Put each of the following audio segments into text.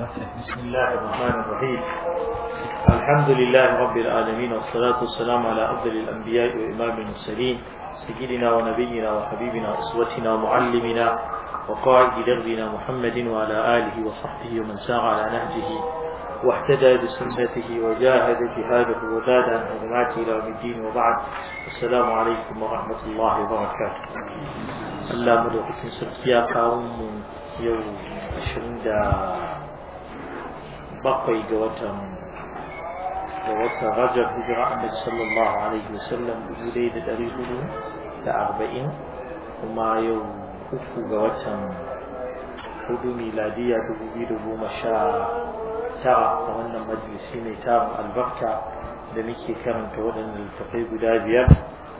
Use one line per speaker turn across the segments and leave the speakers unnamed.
بسم الله الرحمن الرحيم الحمد لله رب العالمين والصلاة والسلام على أفضل الأنبياء وإمام المرسلين سيدنا ونبينا وحبيبنا أسوتنا ومعلمنا وقائد دربنا محمد وعلى آله وصحبه ومن سار على نهجه واحتدى بسنته وجاهد جهاده وزاد عن حرماته إلى يوم الدين وبعد السلام عليكم ورحمة الله وبركاته الله مدوكتين سرقيا قوم يوم bakwai ga watan da watan Rajab hijira Annabi sallallahu alaihi wasallam dubu ɗaya da ɗari hudu da arba'in kuma yau uku ga watan hudu miladiya dubu biyu da goma sha tara a wannan majalisi mai tarin albarka da muke karanta waɗannan littattafai guda biyar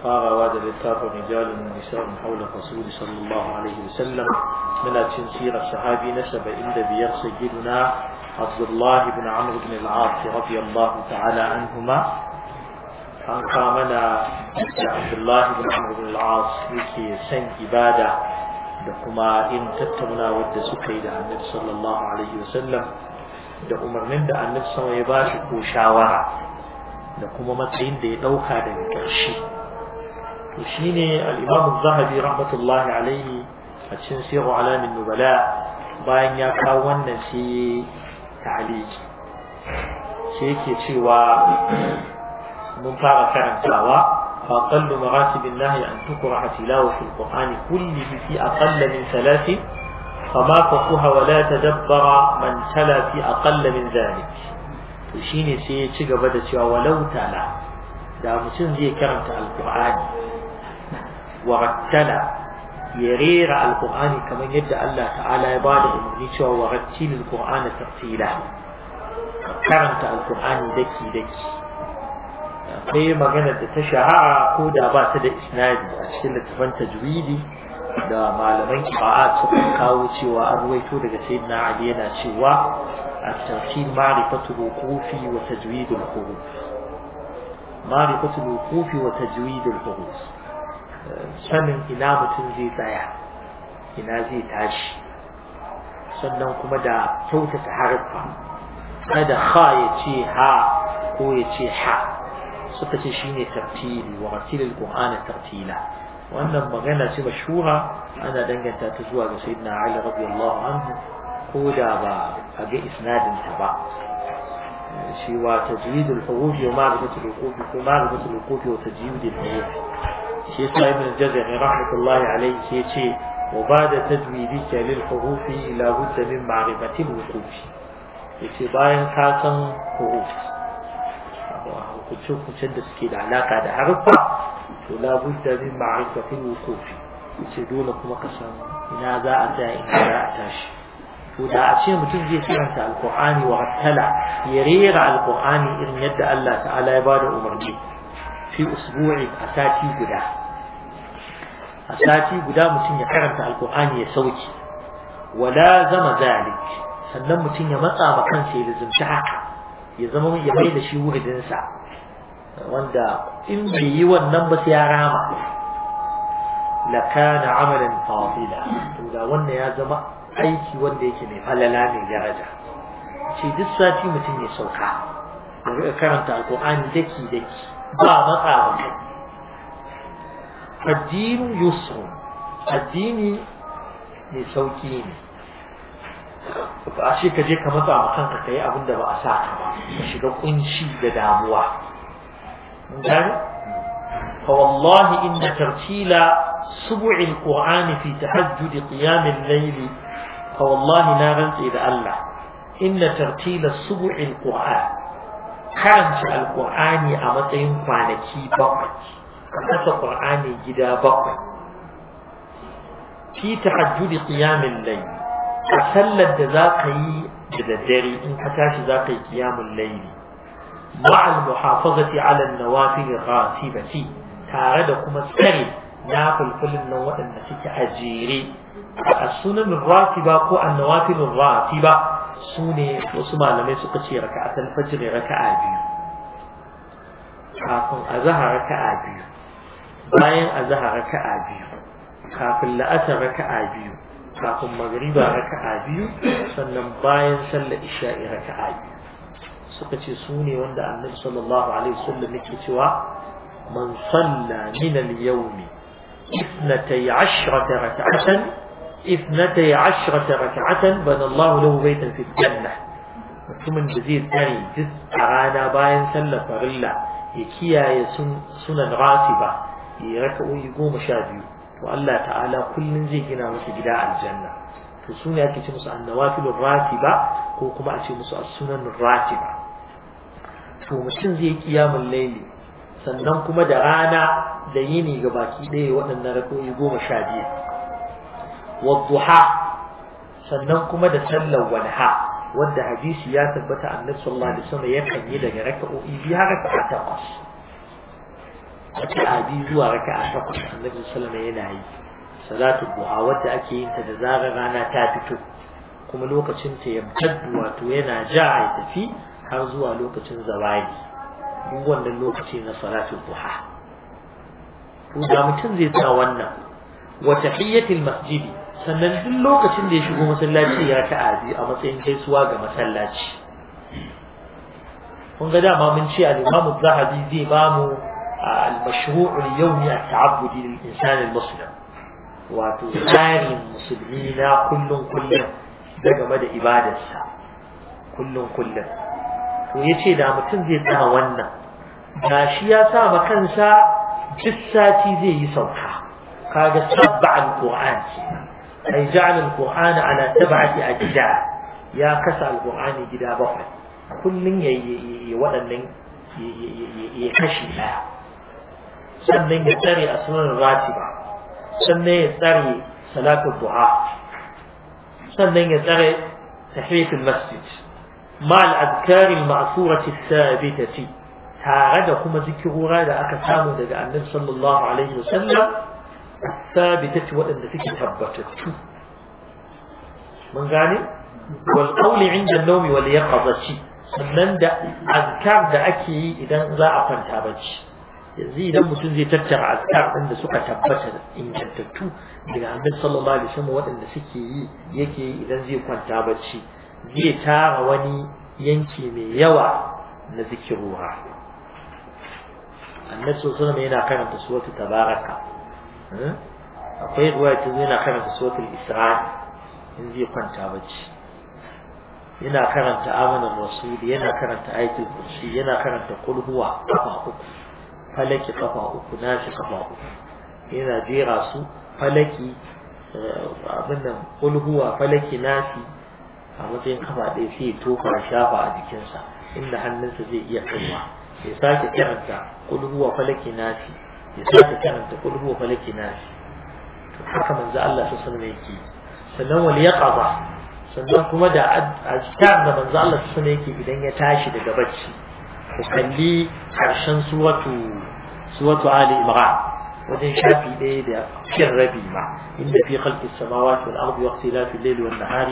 farawa da littafin rijalun nisa'un haula rasul sallallahu alaihi wasallam muna cin sirar sahabi na saba'in da biyar sayyiduna عبد الله بن عمرو بن العاص رضي الله تعالى عنهما an kamana da abdullahi bin amur bin al'as yake son ibada da kuma in tattauna wadda suka yi da annabi sallallahu da umarnin da annabi sama ya shi ko shawara da kuma matsayin da ya ɗauka daga ƙarshe to shine al-imam zahabi rahmatullahi alaihi a cikin sirru alamin nubala bayan ya kawo wannan sai ta'aliki شيك يتشوى cewa mun fara karantawa فأقل مراتب الله أن تكره تلاوة القرآن كل في أقل من ثلاث فما فقه ولا تدبر من تلا في أقل من ذلك وشيني سيتشيغ بدأ ولو تلا دا متن زي كرمت القرآن ورتلا ya rera alkur'ani kamar yadda Allah ta'ala ya bada umarni cewa wa rattilil qur'ana tartila karanta alkur'ani daki daki akwai magana da ta shahara ko da ba ta da isnadi a cikin littafin tajwidi da malaman kira'a suka kawo cewa an waito daga sayyidina ali yana cewa الترتيب معرفة الوقوف وتجويد الحروف معرفة الوقوف وتجويد الحروف sanin ina mutum zai tsaya ina zai tashi sannan kuma da kyautata harfa kada ha ya ce ha ko ya ce ha suka ce shine tartili wa ratilil qur'ana tartila wannan magana ce mashhura ana danganta ta zuwa ga sayyidina Ali radiyallahu anhu ko da ba a ga isnadin ta ba shi wa tajwidul huruf wa ma'rifatul huruf ko ma'rifatul huruf wa tajwidul huruf shi yasa ibn jazari rahmatullahi alayhi shi yace wa bada tajwidi ka lil hurufi ila budda min ma'rifati al-wuquf yace bayan ka san huruf hukunce hukuncen da suke da alaka da harfa to la budda min ma'rifati al-wuquf dole kuma ka ina za a ina za a to da ce mutum zai karanta alqur'ani wa rattala ya irin yadda Allah ta'ala ya bada fi usbu'i a sati guda a sati guda mutum ya karanta alkur'ani ya sauki wala zama zalik sannan mutum ya matsa ma kansa ya lazumta haka ya zama ya mai da shi wuridinsa wanda in bai yi wannan ba sai ya rama lakana amalan fadila to da wannan ya zama aiki wanda yake mai falala mai daraja ce duk sati mutum ya sauka ya karanta alkur'ani daki daki ba matsa ba addinu yusru addini mai sauki ne ba a ka je ka matsa ma kanka ka yi abin da ba a sa ka ba ka shiga kunci da damuwa gani fa wallahi inna tartila subu'i alqur'ani fi tahajjud qiyam al-layl fa wallahi na rantsi da Allah inna tartila subu'i alqur'an karanta alqur'ani a matsayin kwanaki bakwai ka kasa qur'ani gida bakwai fi tahajjudi qiyamil layl a sallar da za ka yi da daddare in ka tashi za ka yi qiyamul layl ma'al muhafazati ala an-nawafil ghatibati tare da kuma tsare na fulfulin nan waɗanda suke a jere a sunan ratiba ko annawafilin ratiba su ne wasu malamai suka ce raka a talfajir biyu kafin a zaha raka biyu bayan azhar raka'a biyu kafin la'asar raka'a biyu kafin magriba raka'a biyu sannan bayan sallar isha'i raka'a biyu suka ce su ne wanda annabi sallallahu alaihi wasallam yake cewa man salla min al-yawmi اثنتي عشرة ركعة اثنتي عشرة ركعة بنى الله له بيتا في الجنة mutumin da zai tsare duk a rana bayan sallar farilla ya kiyaye sunan ratiba raka'o'i goma sha biyu to Allah ta'ala kullum zai gina musu gida aljanna to su ne ake ce musu annawafilur ratiba ko kuma a ce musu as-sunan ratiba to mutum zai kiyamun laili sannan kuma da rana da yini ga baki ɗaya waɗannan raka'o'i goma sha biyu wadduha sannan kuma da sallar walha wadda hadisi ya tabbata annabi sallallahu alaihi wasallam yakan yi daga raka'o'i biyu har takwas raka'a biyu zuwa a takwas annabi sallama yana yi salatu duha wadda ake yin ta da zarar rana ta fito kuma lokacin ta ya wato yana ja ya tafi har zuwa lokacin zawali duk wannan lokaci na salatu duha to da mutum zai sa wannan wa tahiyatul masjidi sannan duk lokacin da ya shigo masallaci ya raka'a biyu a matsayin gaisuwa ga masallaci kun ga dama mun ce al Zahabi zai bamu. mu المشروع اليومي التعبدي للإنسان المسلم وتساري المسلمين كل كل daga mada ibadarsa kullum kullum to yace da mutum zai tsaya wannan gashi ya sa ma kansa duk sati zai yi sauka kaga sabba alquran ai ja'al alquran ala tab'ati ajda ya kasa alqurani gida bakwai kullum yayi waɗannan ya kashi daya سن نگ تری اسن راتبا سن نگ تری صلاة الدعاء سن نگ تری تحية المسجد مع الأذكار المعصورة الثابتة تعرضكم ذكر غادة أكثام دقاء النبي صلى الله عليه وسلم الثابتة وأن فيك ثبتت من غاني والقول عند النوم واليقظة سنن دا أذكار دا أكي إذا لا أفن تابتش yanzu idan mutum zai tattara azkar din da suka tabbata ingantattu daga annabi sallallahu alaihi wasallam waɗanda suke yi yake idan zai kwanta bacci zai tara wani yanki mai yawa na zikirura annabi sallallahu alaihi yana karanta suratul tabaraka hmm? akwai ruwaya ta yana karanta suratul isra in zai kwanta bacci yana karanta amanar rasul yana karanta ayatul kursi yana karanta kulhuwa kafa uku falaki kafa uku na shi kafa uku yana jera su falaki eh, abin nan kulhuwa falaki shi. a matsayin kafa ɗaya sai ya tofa shafa a jikinsa inda hannunsa zai iya kaiwa ya sake karanta kulhuwa falaki nashi ya sake karanta kulhuwa falaki nashi haka manzo Allah su sanar yake sannan wal yaqaba sannan kuma da cikin da manzo Allah su sanar yake idan ya tashi daga bacci وخلي عشان سورة سورة علي إمران وزن شافي ليه ده كربي مع إن في خلق السماوات والأرض واختلاف الليل والنهار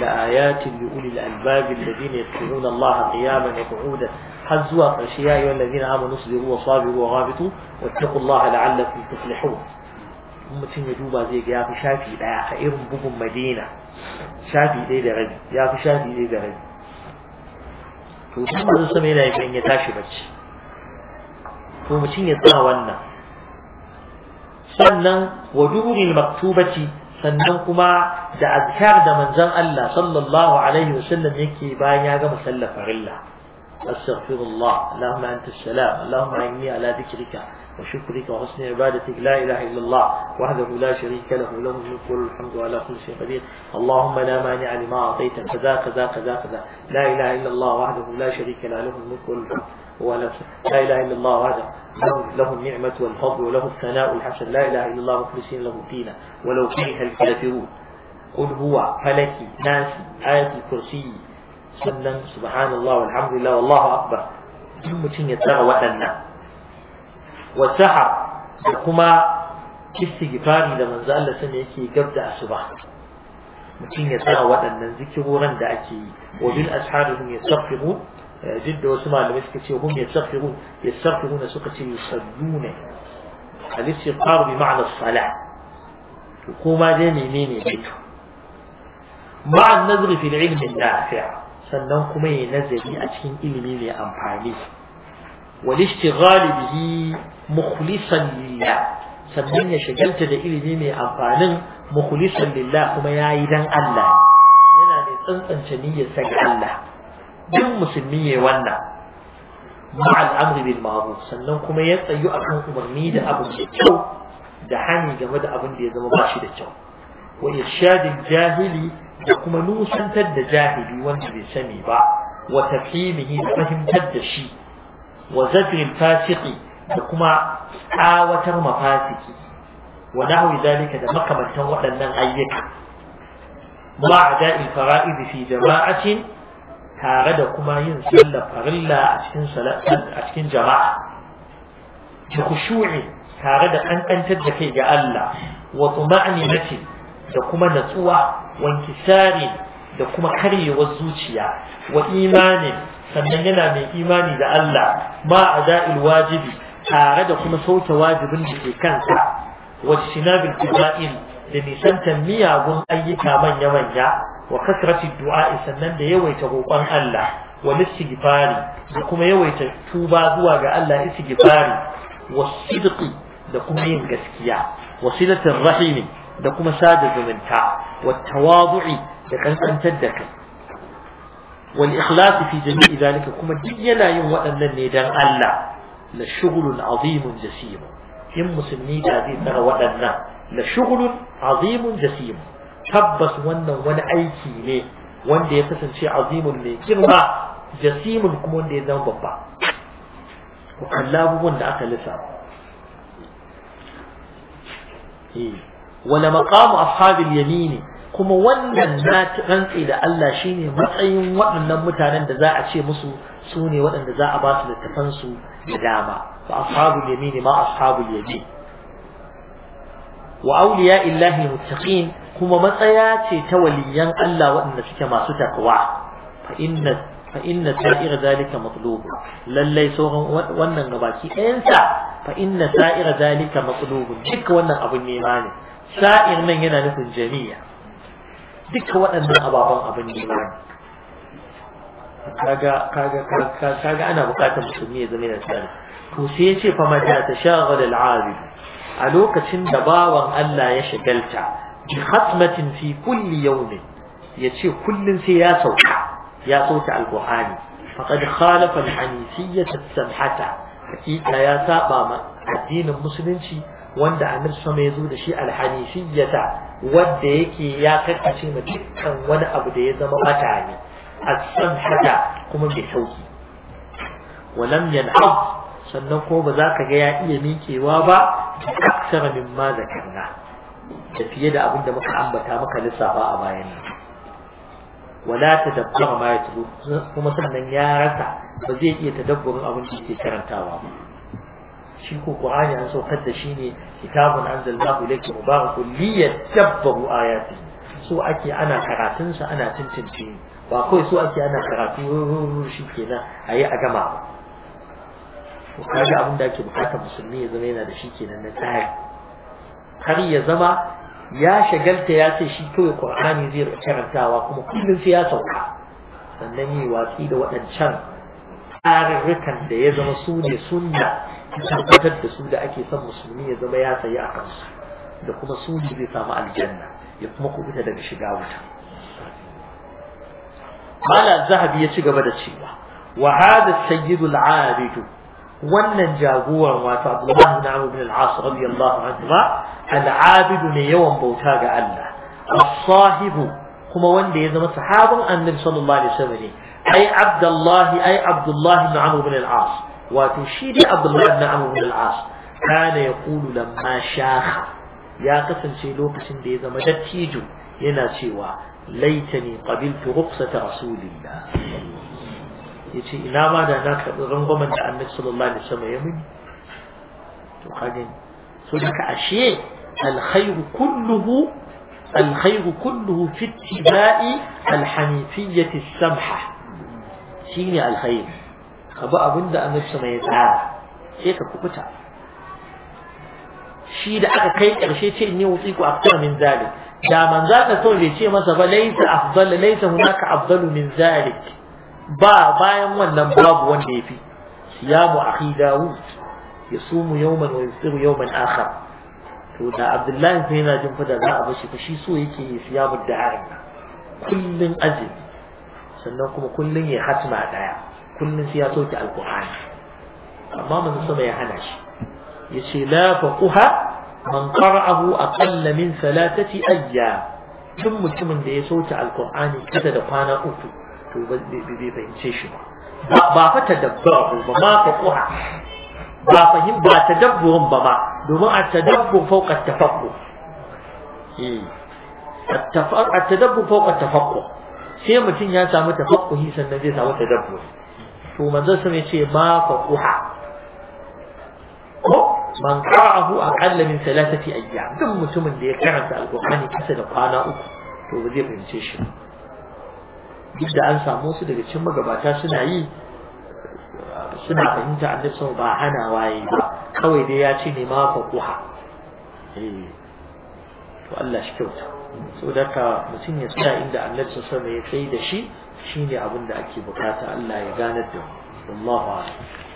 لآيات لأولي الألباب الذين يذكرون الله قياما وقعودا حزوا يا أيها الذين آمنوا اصبروا وصابروا ورابطوا واتقوا الله لعلكم تفلحون mutum ya duba زيك ga ya fi shafi ɗaya a irin bugun madina shafi ɗaya da rabi ya to kuma masu sami yana yi ya tashi bacci to mutum ya tsara wannan sannan wa duril maktubati sannan kuma da azkar da manzan Allah sallallahu alaihi wasallam yake bayan ya gama sallar farilla astaghfirullah allahumma anta salam allahumma inni ala dhikrika وشكرك وحسن عبادتك لا إله إلا الله وحده لا شريك له له الملك والحمد على كل شيء قدير اللهم لا مانع لما أعطيت كذا كذا كذا كذا لا إله إلا الله وحده لا شريك له له الملك والحمد ولا لا إله إلا الله وحده له, له النعمة والفضل وله الثناء الحسن لا إله إلا الله مخلصين له الدين ولو كره الكافرون قل هو فلكي ناسي آية الكرسي سلم سبحان الله والحمد لله والله أكبر جمة mutum ya والسحر da kuma istighfari da manzo Allah sun yake gab da asuba mutum ya tsaya waɗannan zikiroran da ake yi wa bil asharihum yastaghfiru duk da wasu malamai suka ce hum yastaghfiru yastaghfiruna suka ce yusalluna al-istighfar bi ma'na as-salah to kuma dai menene bito ma'a nazari fil ilmi nafi' sannan kuma ya nazari a cikin ilimi mai amfani wal ishtighal bihi mukhlisan lillah sannan ya shagalta da ilimi mai amfanin mukhlisan lillah kuma yayi dan Allah yana da tsantsance niyyar sa ga Allah duk musulmi ya wannan ma'al amri bil ma'ruf sannan kuma ya tsayu akan umarni da abu mai kyau da hani game da abin da ya zama bashi da kyau wa irshadin jahili da kuma nusantar da jahili wanda bai sani ba wa tafhimihi da fahimtar da shi wa zafin fasiki da kuma tsawatar mafasiki wa nahwi zalika da makamantan waɗannan ayyuka ma'a da'il fara'id fi jama'atin tare da kuma yin sallar farilla a cikin a cikin jama'a da khushu'i tare da kankantar da kai ga Allah wa tuma'ninati da kuma natsuwa wa inkisari da kuma karyewar zuciya wa imanin sannan yana mai imani da Allah ma a wajibi tare da kuma sauke wajibin da ke kansa wajtina bil ibra'in da nisantar miyagun ayyuka manya-manya wa kasrati du'a sannan da yawaita roƙon Allah wa istighfari da kuma yawaita tuba zuwa ga Allah isigifari wa sidqi da kuma yin gaskiya wa silatir rahimi da kuma sada zumunta wa tawadu'i da kankantar da kai wani ikhlasi fi jami'i zalika kuma duk yana yin waɗannan ne dan Allah la shughulun azimun jasim in musulmi da zai tsara waɗannan la shughulun azimun jasim tabbas wannan wani aiki ne wanda ya kasance azimun mai girma jasimun kuma wanda ya zama babba ku kalla abubuwan da aka lissafa eh, wala maqamu ashabil yamini kuma wannan na rantsi da Allah shine matsayin waɗannan mutanen da za a ce musu su ne waɗanda za a ba su littafan su دداما فأصحاب اليمين ما أصحاب اليمين وأولياء الله المتقين هم متياتي توليا ألا وإن سك ما ستقوى فإن فإن سائر ذلك مطلوب للي سوغن وإن نباكي أنسى فإن سائر ذلك مطلوب جك ونن أبو النيمان سائر من هنا نفن جميع دك أبو النيمان kaga kaga kaga ana bukatar musulmi ya zama yana tsari to sai ya ce fa mata ta shaghala al a lokacin da bawan Allah ya shagalta bi khatmatin fi kulli yawm ya ce kullun sai ya sauka ya sauka al-qur'ani faqad khalafa al-hanisiyyah as hakika ya saba ma addinin musulunci wanda annabi sama ya zo da shi al-hanisiyyah wanda yake ya kakkace ma kan wani abu da ya zama bata ne as-samhata kuma bai sauki walam yanhab sannan ko ba za ka ga ya iya miƙewa ba aksara mimma zakarna da fiye da abin da muka ambata muka lissafa a bayan nan wala tadabbara ma yatlu kuma sannan ya rasa ba zai iya tadabburin abin da yake karantawa ba shi ko Qur'ani an saukar da shi ne kitabun anzalnahu ilayka mubarakun liyadabbaru ayati so ake ana karatun sa ana tantance ba kawai su ake ana karatu shi kenan a yi a gama ba to kaga abin da ake bukatar musulmi ya zama yana da shi kenan na tsari har ya zama ya shagalta ya ce shi kawai qur'ani zai karantawa kuma kullum sai ya sauka sannan yi watsi da waɗancan tsarurrukan da ya zama su ne sunna tabbatar da su da ake son musulmi ya zama ya sayi a kansu da kuma su ne zai samu aljanna ya kuma kubuta daga shiga wuta mala zahabi ya ci gaba da cewa wa hada sayyidul abid wannan jagowar wato Abdullah ibn Amr bin al-As radiyallahu anhu al-abid ne yawan bauta ga Allah as-sahibu kuma wanda ya zama sahabin annabi sallallahu alaihi wasallam ne ai Abdullah ai Abdullah ibn Amr bin al-As wato shi dai Abdullah ibn Amr bin al-As kana yaqulu lamma shaha ya kasance lokacin da ya zama dattijo yana cewa ليتني قبلت رخصة رسول الله يتي إلا ما ناك رنغو من النبي صلى الله عليه وسلم يمين تقالين سوداك أشياء الخير كله الخير كله في اتباع الحنيفية السمحة شيني الخير أبا أبن دا أنك سميت عارة شيك كبتا شيد أكا كيك أغشيتي إني وطيكو أكثر من ذلك da za ka so zai ce masa ba laisa afdal laisa hunaka afdal min zalik ba bayan wannan babu wanda yafi siyamu akhi dawud yasumu yawman wa yusiru yawman akhar to da abdullahi sai yana jin fada za a bashi fa shi so yake yi siyamu da'arin kullun ajin sannan kuma kullun ya hatma daya kullun sai ya sauke alqur'ani amma manzo sama ya hana shi yace la faquha man qara'ahu aqalla min salatati ayya duk mutumin da ya sauke alqur'ani kada da kwana uku to ba bai fahimce shi ba ba fa tadabbaru ba ma fa qura ba fahim ba tadabburun ba ma domin a tadabbur fawqa tafakkur eh at-tadabbur fawqa tafakkur sai mutum ya samu tafakkuhi sannan zai samu tadabbur to manzon sai ya ce ma fa qura man qara'ahu aqalla min thalathati ayyam duk mutumin da ya karanta alqur'ani kasa da kwana uku to ba zai fahimce shi duk da an samu su daga cikin magabata suna yi suna fahimta annabi sau ba hana waye ba kawai dai ya ce ne ma fa kuha eh, to Allah shi kyauta saboda ka mutum ya tsaya inda annabi sau ya kai da shi shine abin da ake bukata Allah ya ganar da mu wallahu